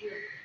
Sure.